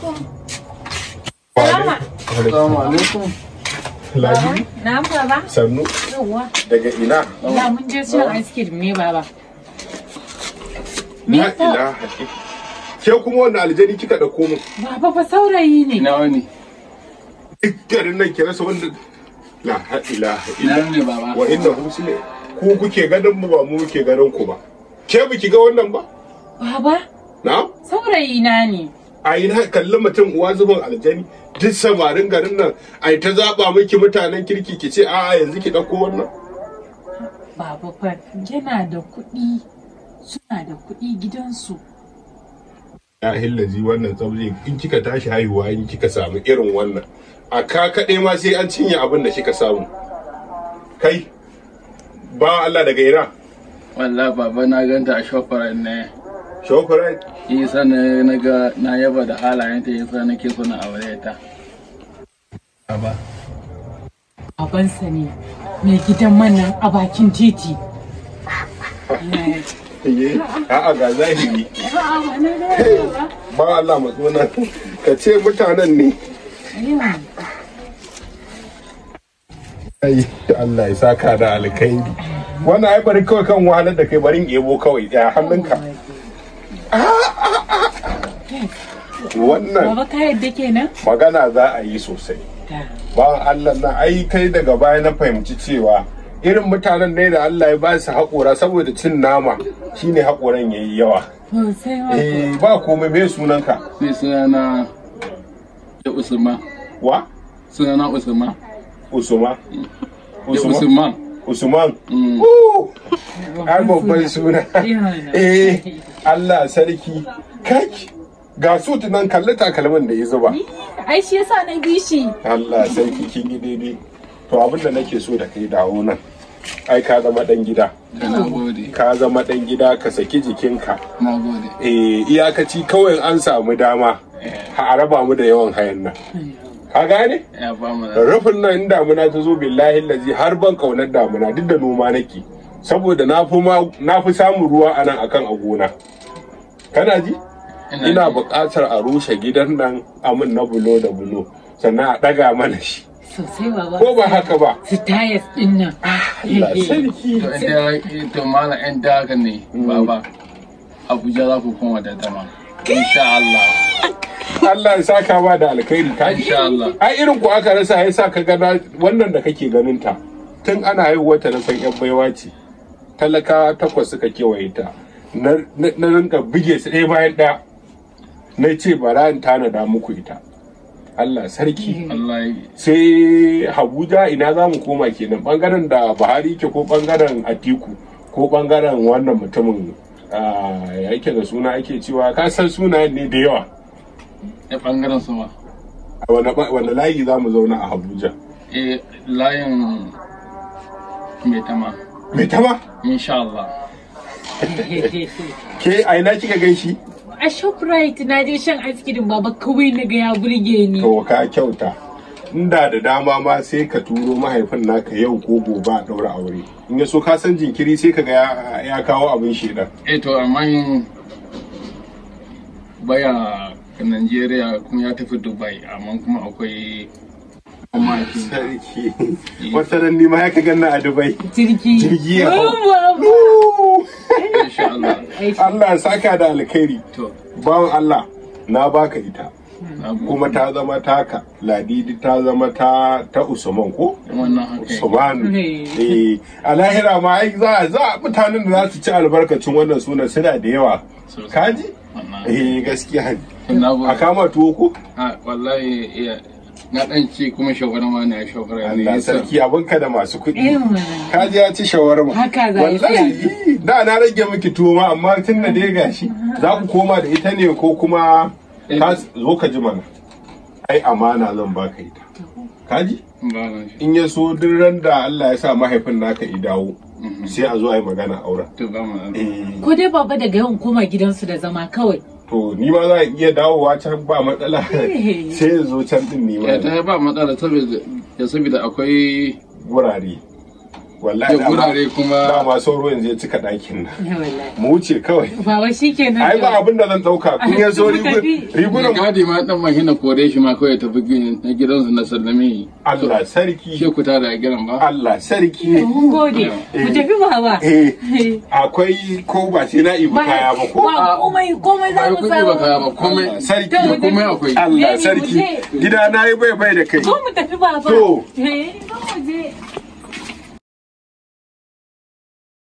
alaikum. Ke kuma wannan aljani kika da komo? Baba fa saurayi ne. Nawa ne? Dukkanin nan kira wanda la wa sile ku kuke ganin mu ba mu kuke ganin ku ba. Ke biki ga wannan ba? Baba? Na? Saurayi na ne. a yi kalli mutum uwa zubin aljani duk samarin garin nan a yi ta zaɓa miki mutanen kirki ki ce a'a yanzu ki ɗauko wannan baba fa yana da kuɗi suna da kuɗi gidansu ya hillazi wannan tsabri in kika tashi haihuwa in kika samu irin wannan a ka kaɗai ma sai an cinye abin da kika samu kai ba Allah daga ira wallahi baba na ganta a shofarar ne Shokurai? Isa na ga na yaba da halayenta yasa nake so na aure ta. Aba. Abansa ne mai gidan mana a bakin titi. A'a ga zahiri. Ba Allah matsuna ka ce mutanen ne. Ai, Allah ya saka da alkai. Wannan ai bari kawai kan wahalar da kai barin ebo kawai, ya hannunka. Oh wannan magana za a yi sosai ba Allah na ai kai daga baya na fahimci cewa irin mutanen ne da Allah ya ba su haƙora saboda cin nama shine ya yi yawa eh ba komai me sunanka sai sunana ya Usman wa sunana Usman Usman Usman Usman mm. ai babban suna eh Allah sarki kai ga su nan kalli takalmin da ya zuba ai shi yasa na gishi Allah sarki kin yi daidai to abin da nake so da kai dawo nan ai ka zama dan gida ka zama dan gida ka saki jikinka eh iyakaci kawai an samu dama a araba mu da yawan hayan nan ka gane rufin nan damuna ta zo billahi lazi har ban kaunar damuna duk da noma nake saboda na fi samun ruwa a nan akan a gona kana ji ina buƙatar a rushe gidan nan amin na bulo da bulo sannan a ɗaga mana shi sosai ko ba haka ba su tayas din nan ah, Allah eh, eh. to inda ɗan daga ne mm. baba Abuja za ku da dama insha Allah Allah ya saka ba da alkhairi ta. insha Allah ai irin ku aka rasa ya saka gana wannan da kake ganin ta tun ana haihuwa ta na san yan baiwa ce talakawa takwas suka kewaye ta na rinka bige su ɗaya bayan ɗaya na ce ba bara in tanada muku ita Allah sarki sai Habuja ina za mu koma kenan bangaren da Buhari ke ko bangaren Atiku ko bangaren wannan mutumin ya yake da suna ake cewa ka san suna ne da yawa ya bangaren su ma wanda layi za mu zauna a Habuja eh layin mai tama Mai tama? Insha Allah. Ke a ina kika gan shi? A Shoprite na je shan ice cream baba kawai na ga ya burge ni. To ka kyauta. Inda da dama ma sai ka turo mahaifin naka yau ko gobe a ɗaura aure. In ya so ka san jinkiri sai ka ga ya kawo abin da. Eh to amma baya Najeriya kuma ya tafi Dubai amma kuma akwai sarki wata nan nima ya ka ganna a dubai jirgi jirgi ya Allah saka da alkhairi bawan Allah na baka ita kuma ta zama taka ladidi ta zama ta ta usman ko usman eh a lahira ma ai za za mutanen da za su ci albarkacin wannan sunan suna da yawa kaji eh gaskiya ne a kama tuwo ko wallahi na dan ce kuma shawarma na shawarma ne Allah sarki abinka da masu kuɗi eh, ka ji ya ci shawarma haka za wallahi da na rage miki tuwo ma amma tun da dai gashi za ku koma da ita ne ko kuma eh. ka zo ka ji mana ai amana zan baka ita ka ji in ya so duk ran da Allah ya sa mahaifin naka i dawo mhm. sai a zo a yi magana auren eh. ko dai baba daga yawan koma gidansu da zama kawai to ni ba za a iya dawowa can ba matsala eh. sai ya zo can din ni ba ya eh, ta ba matsala saboda akwai wurare wallahi da ba ma sauro zai cika ɗakin nan mu wuce kawai ba wai shikenan ai ba abin da zan dauka kun ya zo rigunan gadi ma dan mahina kore shi ma kawai tafi na gidansu na sallame Allah sarki ke ku tare a gidan ba Allah sarki mun gode mu eh. tafi ba ba eh. eh. akwai ko ba sai na ibu kaya ba ko komai komai za mu samu ba kaya ba komai sarki komai akwai Allah sarki gida na yi bai bai da kai mu tafi ba ba to eh mu je